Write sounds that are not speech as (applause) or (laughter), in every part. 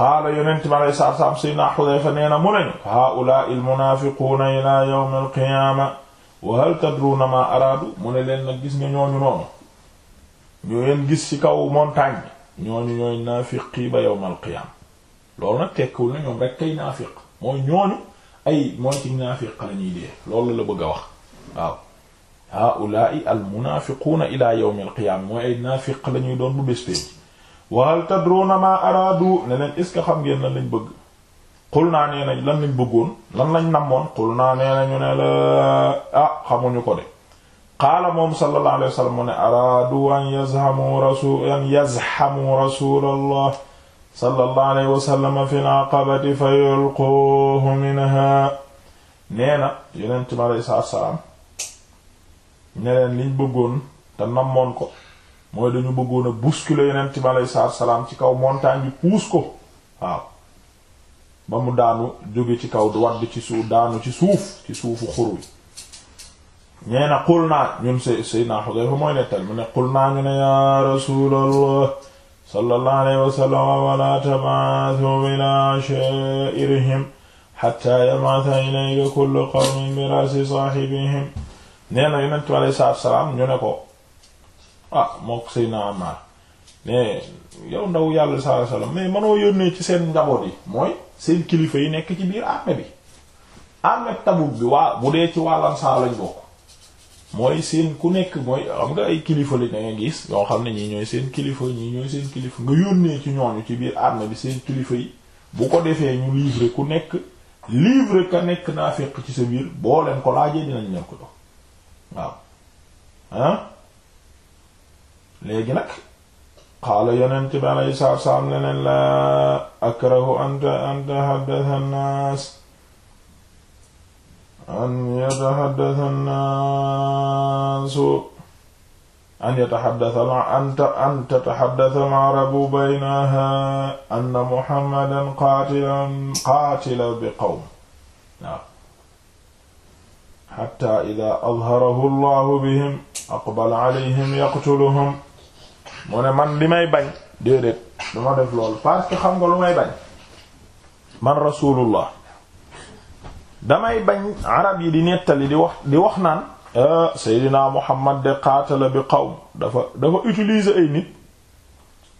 qaala yonent bi alayhi salaatu wa salaam sayyidina Hudayfa nee na mu nañu haa'ulaa'i al-munaafiquuna ilaa yawmi al-qiyaama wa hal tadruuna maa araadu mu ne leen nag gis nga ñooñu noonu ñoo leen gis ci kaw montagne ñooñu ñooy naafiqi ba yawm al-qiyaama loolu nag tekkiwul na ñoom rek kay naafiq mooy ñooñu ay mooy ci naafiq la ñuy dee loolu la bëgg a wax waaw haa'ulaa'i al-munaafiquuna ilaa yawmi al-qiyaama mooy ay naafiq la ñuy doon bu bés wahal tadruna ma araadu ne leen est-ce que xam ngeen lan lañ bëgg xul naa nee nañ lan lañ bëggoon lan lañ namoon xul ah, xamuñu ko de qaala moom sallallahu alayhi wa sallam mu ne araadu an yazhamu rasul an rasulallah sallallahu wa sallam fi al-aqabati fa yulquhu minha nee na yonent mi alayhi salaam ne leen liñ bëggoon te namoon ko mooy dañu bëggoon a bousculer yonent bi aleyhi salaatu salaam ci kaw montagne bi puus ko waaw ba mu daanu jóge ci kaw wadd ci suuf daanu ci suuf ci suufu xur wi ñee na xul naa ñun s Seydina Xudayfa mooy nettal mu ne xul naa ñu ne ya rasulallah sallallahu alayhi wa sallam wala tab'athu ila sha'irihim hatta yab'atha ilayka kullu qawmin bi saahibihim nee na yonent bi aleyhi salaam ñu ne ko ah moo ko Seydina Ammaar mais yow ndaw yàlla sallallahu alayhi mais manoo yónnee ci seen njaboot yi mooy seen kilifa yi nekk ci biir armée bi armée dee ci wàllan saa lañ bokk mooy seen ku nekk mooy xam nga ay kilifa li gis yoo xam ne ñii ñooy seen kilifa ñii ñooy seen kilifa nga yónnee ci ñooñu ci biir armée bi seen kilifa yi bu ko defee ñu livre ku nekk livrer ka nekk naa fekk ci sa biir boo leen ko laajee dinañ leen ko jox waaw ah léegi nag qaala yonent bi alayhi salaatu salaam leneen laa akrahu an yataxaddasa an-naas an yataxaddasa an-naasu an yataxaddasa an tataxaddasa al-arabu baynahaa anna Muhammadan qaatilan qaatila bi qawm hattaa idaa azharahu Allahu bihim aqbala alayhim yaqtuluhum mu ne man li may bañ déedéet duma def loolu parce que xam nga lu may bañ man rasulullah damay bañ arab yi di nettali di wax di wax naan ah, Seydina Muhammad de qaatala bi xaw dafa dafa utiliser ay nit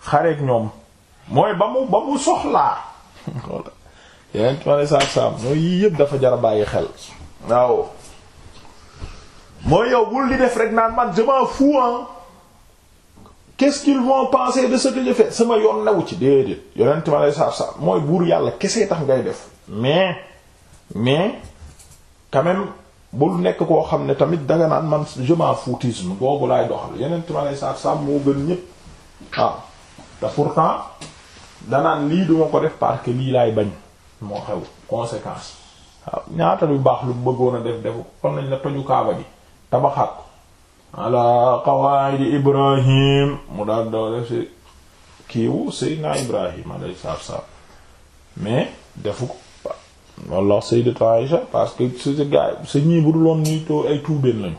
xareek ñoom mooy ba mu ba mu soxlaa yeneen ma ne saab-saab mooy yii yëpp dafa jar a bàyyi xel waaw mooy yow bul di def rek naan man je m'en qu'est-ce qu'ils vont penser sa ce que je fais sama yoon newu ci déedéet yonent ma lay saab-saab mooy buur yàlla kese tax ngay def mais mais quand même bul nekk koo xam ne tamit danga naan man je m'en foutisme boobu laay doxal yonent ma lay saab-saab moo gën ñépp waaw ah, te pourtant danaan lii doo ko def parce lii laay bañ moo xew conséquence waaw ah, ñaata lu baax lu bëggoon a def defu kon nañ la toju kaaba gi tabaxaat ko ala qawaidi ibrahim mu daal daw def si kiiwu seydina ibrahim alayhi salaatu salaam mais defu ko walla sayyidatu Aïsha parce que su si gaay sa ñii bu dul woon ñuy too ay tuubeen lañu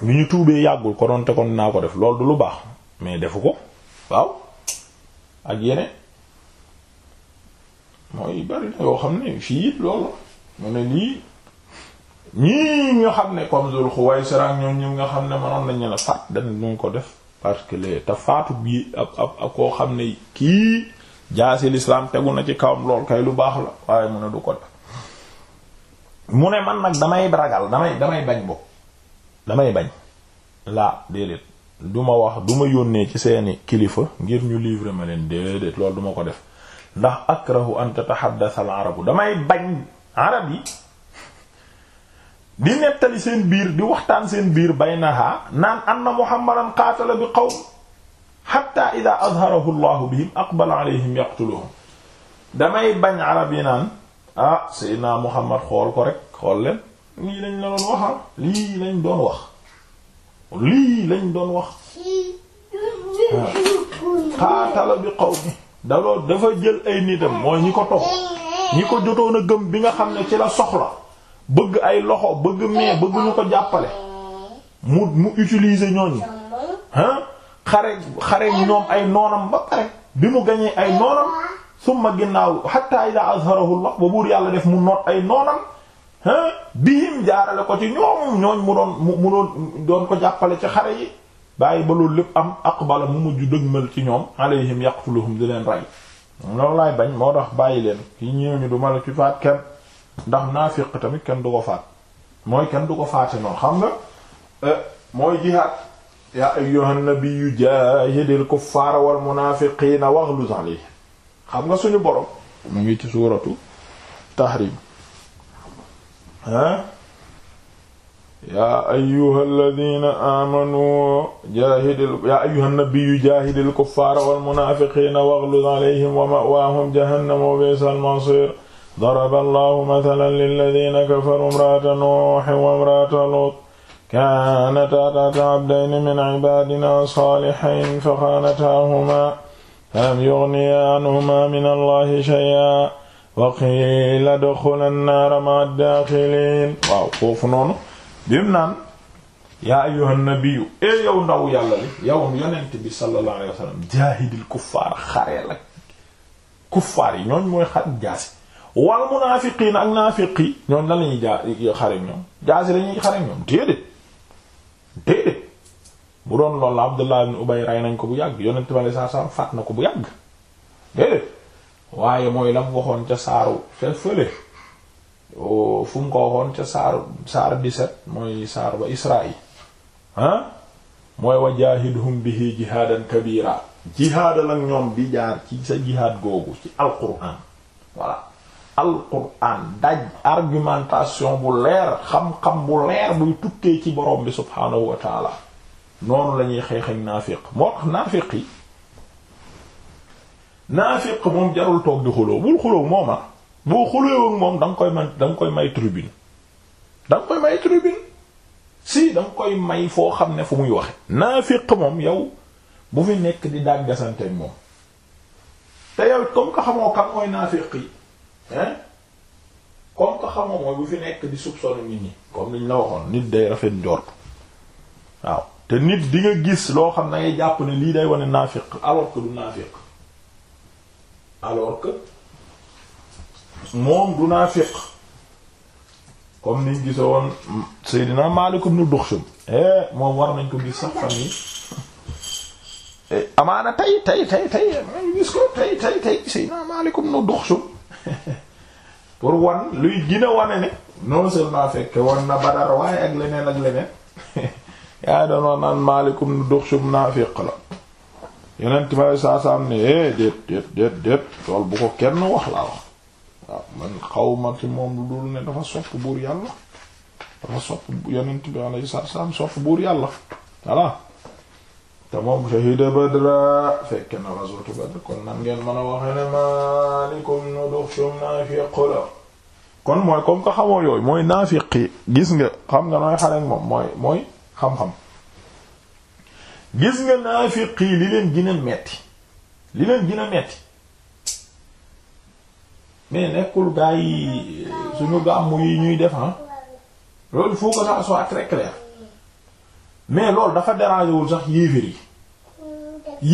lu ñu tuubee yàggul ko doon te naa ko def loolu du lu baax mais defu ko waaw ak yeneen mooy bari na yoo xam ne fii it loolu mu ne lii ñii nga xam ne comme Zul Khuwaysira ñoom ñoom nga xam ne mënoon nañu la faat dañu duñ ko def parce que lee te faatu bi ab ab ab koo xam ne kii jaasi l'islam tegu na ci kawam lool kay lu baax la waaye mu ne du ko def mu ne man nag damay ragal damay bañ bokk damay bañ laa déedéet duma wax duma yónnee ci seeni kilifa ngir ñu livre ma leen déedéet loolu duma ko def ndax ak an tataxaddasa al arabu damay bañ arab yi di nettali seen biir di waxtaan seen biir bay baynaha naan anna muhammadan qaatala bi qawm hatta ida azharahu llahu bihim aqbala alayhim yaqtuluhum ah, ko rek xool leen la doon waxal lii lañ doon wax lii bi daloo dafa jël ay nitam mooy ñi ko topp ñi ko jotoon a gëm bi nga xam ne ci la soxla bëgg ay loxo bëgg mais bëgg ñu ko jàppale mu mu utiliser ñooñu ah xare xare ñoom ay noonam ba pare bi mu gañee ay noonam summa ginnaaw hatta ila azharahu Allah ba buur yàlla def mu noot ay noonam ah biim jaarale ko ci ñoom ñooñ mu doon mu doon doon ko jàppale ci xare yi bàyyi ba loolu lépp am aqbala mu mujj dëgmal ci ñoom alayhim yaqtuluhum di leen rey loolu laay bañ moo tax bàyyi leen kii ñëw ñu du ma ci faat kenn ndax naafiq tamit kenn du ko faat mooy kenn du ko faate noonu xam nga euh, mooy jihaad yaa ayyuhan nabiyyu jaahidil kuffaara wal munaafiqiina waghluz alayhim xam nga suñu borom mu ngi jahannam wa bi'sal masiir daraba allahu mathalan lilladina kafaru imra'ata nuuhin wa imra'ata luut kaanataa tahta abdayni min cibaadina saalihayn faxaanataahumaa falam yughniyaa anhumaa min allahi shay'an wa qiila udxulaa nnaara ma'a daaxiliin waaw foofu noonu bim naan yaa ayyuha nabiyyu e yow ndaw yàlla li yow yonent bi sallallahu alayhi wa sallam jaahidil kuffaar xareel ak kuffaar yi ñooñ mooy xar jaasi wal munaafiqiin ak naafiqi ñoom lan lañuy jaa xare ñoom jaasi lañuy xare ñoom déedéet déedéet bu doon lool la Abdullah ibn Ubay nañ ko bu yàgg yonent bi sallallahu alayhi wasallam faat na ko bu yàgg déedéet waaye mooy lam waxoon ca saaru fe fële oh, fu mu ko waxoon ca saar saar 17 mooy saar ba Israaïl ah mooy wa jaahidhum bihi jihaadan kabira jihaadal ak ñoom bi jaar ci sa jihaad googu ci alquran voilà alquran daj argumentation bu leer xam-xam bu leer buy tukkee ci borom bi subhaanahu wa taala noonu la ñuy naafiq moo tax naafiq yi naafiq moom jarul toog di xuloo moom ah koy man da koy may tribune da koy may tribune si da koy may foo xam ne fu muy waxe naafiq moom yow bu fi nekk di daggasanteek moom te yow comme ko xamoo kam mooy naafiq yi hein comme que xamoo mooy bu fi nekk di soupçonner nit ñi comme niñ la waxoon nit day rafet njort waaw te nit di nga gis loo xam ne ngay jàpp ne lii day wane naafiq alors que du naafiq alors que moom du naafiq comme niñ gise woon Seydina Maalik ibn Duxsum eh moom war nañ ko gis sax fan yi eh, amaana tey tey tey tey ñu gis ko tey tey tey Seydina Maalik ibn Duxsum (laughs) pour wan luy gën wane ne non seulement fekke wan na Badar waaye ak leneen ak leneen (laughs) yaay doon wax naan maalikum nu dux sub naafiq la yonent ma saa saa am ne eh déet déet déet déet lool bu ko kenn wax laa wax waaw man xaw ma ci moom lu dul ne dafa sopp buur yàlla dafa sopp yonent bi alayhi salaam sopp buur yàlla voilà te moom shahida badra fekk na ghazwatu badr kon nan ngeen mën a waxee ne malikum nu duxum naafiq la kon mooy comme que xamoo yooyu mooy naafiq yi gis nga xam nga nooy xare moom mooy mooy xam-xam gis nga naafiq yi li leen gën metti li leen gën a metti mais nekkul gaa yi suñu gàmmu yi ñuy def ah loolu il faut que ça soit très clair mais loolu dafa déranger wul sax yéeféer yi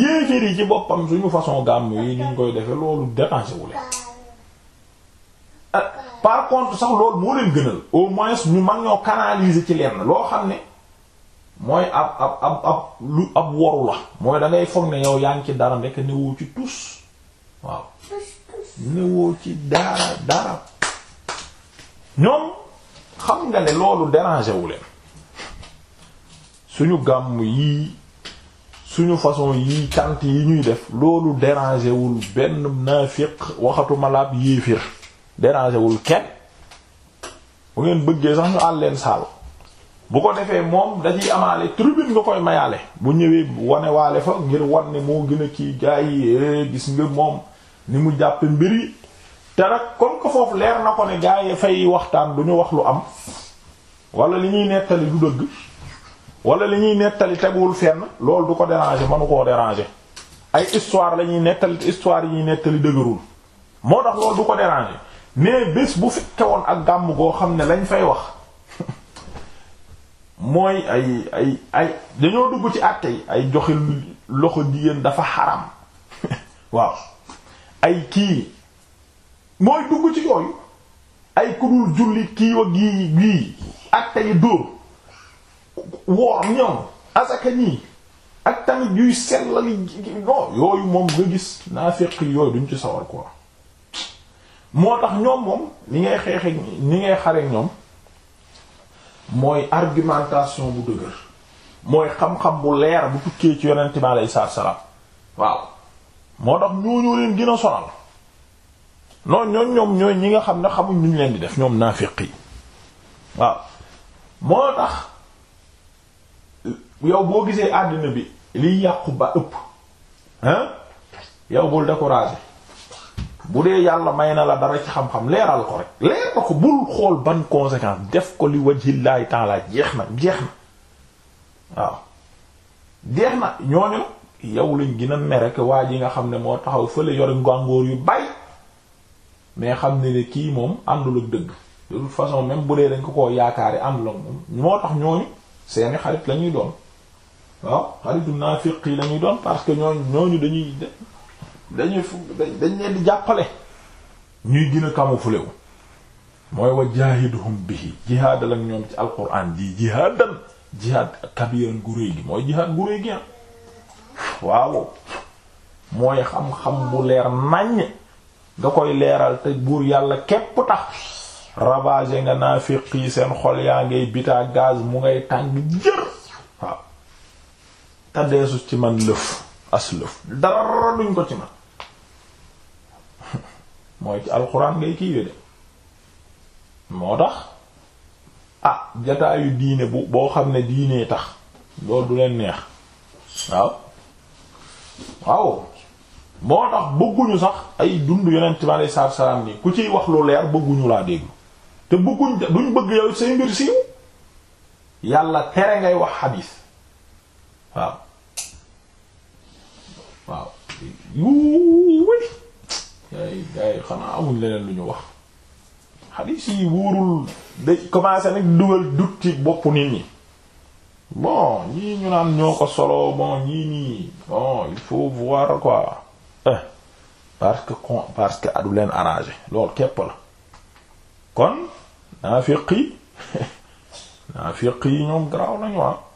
yéeféer yi ci boppam suñu façon gàmm yi ni ñu koy defee loolu déranger wu leen euh, par contre sax loolu moo leen gënal au moins ñu mën ñoo canaliser ci leen loo xam ne mooy ab ab ab ab lu ab woru la mooy da foog ne yow yaa ngi ci dara ndekk newoo ci tus waaw newoo ci dara dara ñoom xam nga ne loolu déranger wu suñu gàmm yii suñu façon yii cant yi ñuy def loolu déranger wul benn naafiq waxatu malaab yéefir déranger wul kenn bu ngeen bëggee sax ñu àlleen saal bu ko defee moom da ciy amaale tribune nga koy mayaale bu ñëwee wanewaale fa ngir wan ne moo gën a kii gaa yi eh, gis nga moom ni mu jàpp mbir yi te nag comme que foofu leer na ko ne gaa yi fay waxtaan du ñu wax lu am wala li ñuy nettali du dëgg wala li ñuy nettali teguwul fenn lool du ko déranger mënu koo déranger ay histoire la ñuy nettali histoire yi ñuy nettali dëgërul moo tax loolu du ko déranger mais bés bu fekke ak gàmm goo xam ne lañ fay wax (laughs) mooy ay ay ay dañoo dugg ci àtte yi ay joxe loxo jigéen dafa xaram (laughs) waaw ay kii mooy dugg ci yooyu ay ku dul julli kii wa gii gii àtte yi dóor woor ñoom asaka nii ak tamit yuy sellali non yooyu moom nga gis naa fekk yooyu duñ ci sawar quoi moo tax ñoom ngay xeexee ngay xare ñoom mooy argumentation bu dëgër mooy xam-xam ci yonent bi alayhi salaam waaw moo tax ñooñoo leen gën sonal noonu ñoom ñoom ñooy ñi nga xam ne xamuñ nuñ leen di def ñoom naaféq yi waaw moo tax yow boo gisee àddina bi li yàqu ba ëpp hein yow bul découragé bu dee yàlla may na la dara ci xam-xam leeral ko rek leer na ko bul xool ban conséquence def ko li wajhillaahi ta'ala jeex na jeex na waaw jeex na ñooñu yow lañ gën a rek waa ji nga xam ne moo taxaw fële yore ngàngoor yu bay mais xam ne ne kii moom àndul ak dëgg de toute façon même bu dee dañ ko koo yaakaari àndul ak moom moo tax ñooñu seeni xarit lañuy doon waaw xaritu naafiq yi lañuy doon parce que ñooñu ñooñu dañuy dañuy dañ leen di jàppale ñuy gën a camouflé wu mooy wa jaahiduhum bihi jihaadal ak ñoom ci alquran ji jihaadan jihaad kabiran gu gi mooy jihaad gu gi ah waaw mooy xam-xam bu leer naññ nga koy leeral te buur yàlla képp tax ravagé nga naafiq yi seen xol yaa ngay bitaa gaz mu ngay tàng jër te ci man lëf as lëf dara duñ ko ci man (laughs) mooy ci alxuraan ngay kiiwe de moo tax ah jataayu diine boo xam ne diinee tax loolu du leen neex waaw waaw moo tax bëgguñu sax ay dund yonent bi alei salaatu salaam ni ku ciy wax lu leer bëgguñu laa déglu te bëgguñ duñ bëgg yow say mbir siiw yàlla tere ngay wax xadiis waaw waaw yuuuy yaay gaa yi xanaa amuñ leneen lu ñu wax xadiis yi wóorul day commencé nag dugal dut ci boppu nit ñi bon ñii ñu naan ñoo ko solo bon ñii nii bon il faut voir quoi eh parce que con parce que adu leen arrangé loolu képp la kon naafiq yi (laughs) naafiq yi ñoom garaaw nañu ah